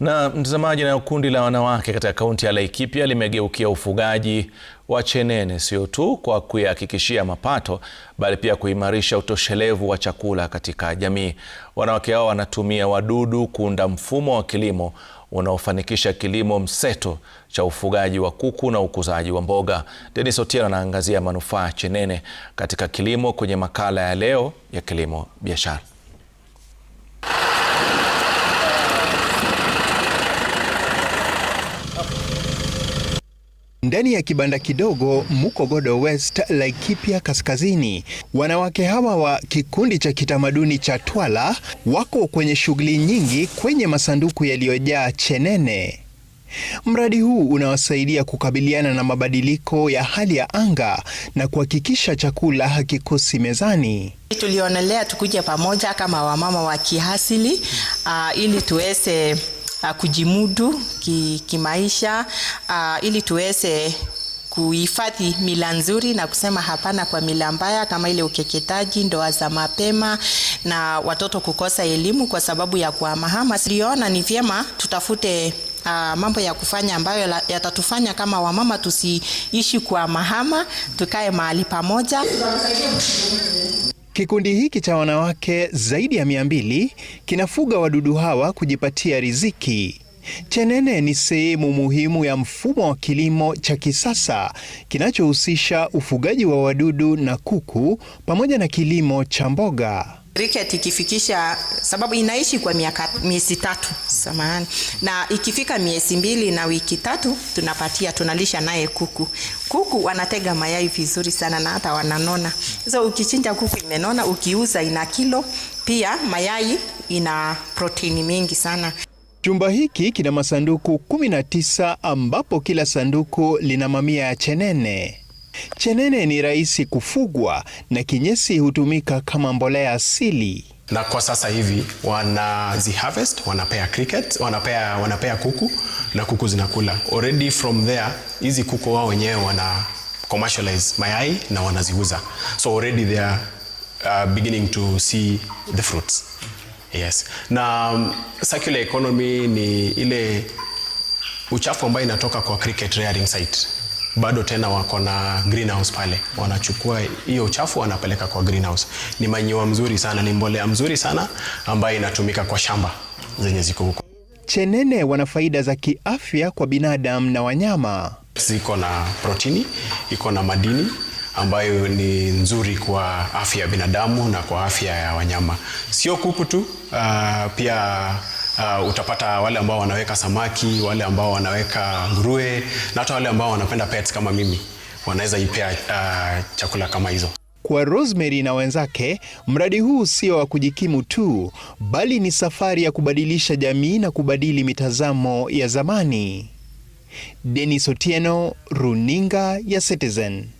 Na mtazamaji, nayo kundi la wanawake katika kaunti ya Laikipia limegeukia ufugaji wa chenene, sio tu kwa kuyahakikishia mapato, bali pia kuimarisha utoshelevu wa chakula katika jamii. Wanawake hao wanatumia wadudu kuunda mfumo wa kilimo unaofanikisha kilimo mseto cha ufugaji wa kuku na ukuzaji wa mboga. Denis Otieno anaangazia manufaa chenene katika kilimo kwenye makala ya Leo ya Kilimo Biashara. Ndani ya kibanda kidogo Mukogodo West, Laikipia Kaskazini, wanawake hawa wa kikundi cha kitamaduni cha Twala wako kwenye shughuli nyingi kwenye masanduku yaliyojaa chenene. Mradi huu unawasaidia kukabiliana na mabadiliko ya hali ya anga na kuhakikisha chakula hakikosi mezani. Tulionelea tukuja pamoja kama wamama wa kiasili uh, ili tuweze uh, kujimudu ki, kimaisha uh, ili tuweze kuhifadhi mila nzuri na kusema hapana kwa mila mbaya kama ile ukeketaji, ndoa za mapema na watoto kukosa elimu kwa sababu ya kuhamahama. Siliona ni vyema tutafute uh, mambo ya kufanya ambayo yatatufanya kama wamama tusiishi kuhamahama, tukae mahali pamoja Kikundi hiki cha wanawake zaidi ya mia mbili kinafuga wadudu hawa kujipatia riziki. Chenene ni sehemu muhimu ya mfumo wa kilimo cha kisasa kinachohusisha ufugaji wa wadudu na kuku pamoja na kilimo cha mboga. Cricket ikifikisha sababu inaishi kwa miaka miezi tatu samahani, na ikifika miezi mbili na wiki tatu tunapatia tunalisha naye kuku. Kuku wanatega mayai vizuri sana na hata wananona. so, ukichinja kuku imenona, ukiuza ina kilo pia, mayai ina proteini mingi sana. Chumba hiki kina masanduku 19 ambapo kila sanduku lina mamia ya chenene. Chenene ni rahisi kufugwa na kinyesi hutumika kama mbolea asili na kwa sasa hivi wanazi harvest wanapea cricket, wanapea, wanapea kuku na kuku zinakula already from there. Hizi kuku wao wenyewe wana commercialize mayai na wanaziuza, so already they are uh, beginning to see the fruits. Yes, na um, circular economy ni ile uchafu ambayo inatoka kwa cricket rearing site bado tena wako na greenhouse pale, wanachukua hiyo uchafu wanapeleka kwa greenhouse. Ni manyiwa mzuri sana, ni mbolea mzuri sana ambayo inatumika kwa shamba zenye ziko huko. Chenene wana faida za kiafya kwa binadamu na wanyama. Ziko na protini, iko na madini ambayo ni nzuri kwa afya ya binadamu na kwa afya ya wanyama, sio kuku tu, uh, pia Uh, utapata wale ambao wanaweka samaki, wale ambao wanaweka nguruwe na hata wale ambao wanapenda pets kama mimi wanaweza ipea uh, chakula kama hizo. Kwa Rosemary na wenzake, mradi huu sio wa kujikimu tu, bali ni safari ya kubadilisha jamii na kubadili mitazamo ya zamani. Dennis Otieno, Runinga ya Citizen.